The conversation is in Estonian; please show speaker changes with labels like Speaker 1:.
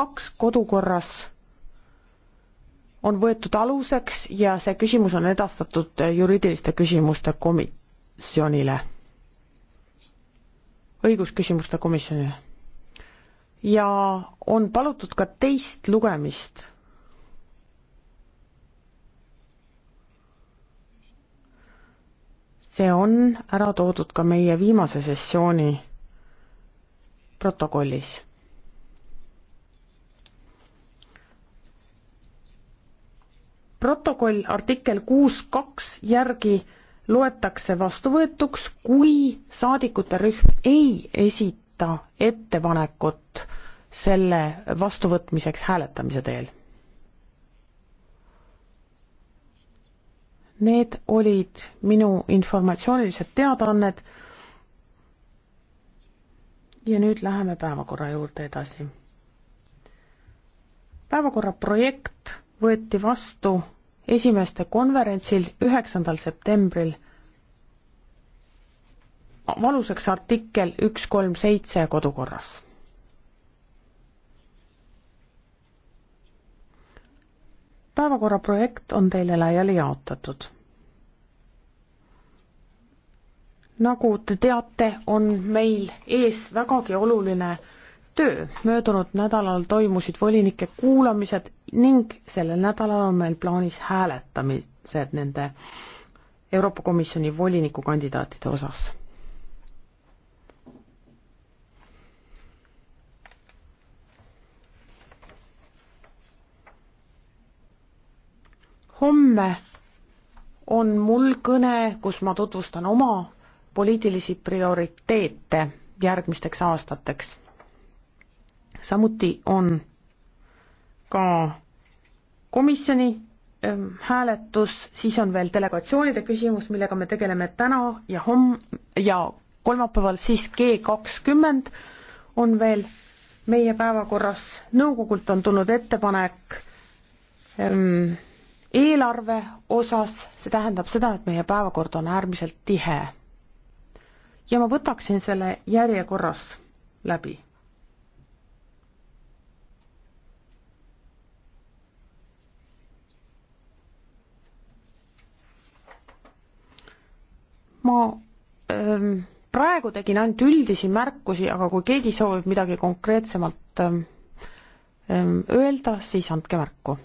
Speaker 1: kaks kodukorras on võetud aluseks ja see küsimus on edastatud juriidiliste küsimuste komisjonile, õigusküsimuste komisjonile. ja on palutud ka teist lugemist. see on ära toodud ka meie viimase sessiooni protokollis protokoll artikkel kuus kaks järgi loetakse vastuvõetuks, kui saadikute rühm ei esita ettepanekut selle vastuvõtmiseks hääletamise teel. Need olid minu informatsioonilised teadaanned. ja nüüd läheme päevakorra juurde edasi. päevakorra projekt võeti vastu esimeste konverentsil üheksandal septembril valuseks artikkel üks kolm seitse kodukorras. päevakorra projekt on teile laiali jaotatud. nagu te teate, on meil ees vägagi oluline töö. möödunud nädalal toimusid volinike kuulamised ning sellel nädalal on meil plaanis hääletamised nende Euroopa Komisjoni volinikukandidaatide osas. homme on mul kõne, kus ma tutvustan oma poliitilisi prioriteete järgmisteks aastateks. samuti on ka komisjoni ähm, hääletus, siis on veel delegatsioonide küsimus, millega me tegeleme täna ja homm- ja kolmapäeval siis G kakskümmend on veel meie päevakorras, nõukogult on tulnud ettepanek ähm, eelarve osas, see tähendab seda, et meie päevakord on äärmiselt tihe. ja ma võtaksin selle järjekorras läbi ma ähm, praegu tegin ainult üldisi märkusi, aga kui keegi soovib midagi konkreetsemalt ähm, ähm öelda, siis andke märku.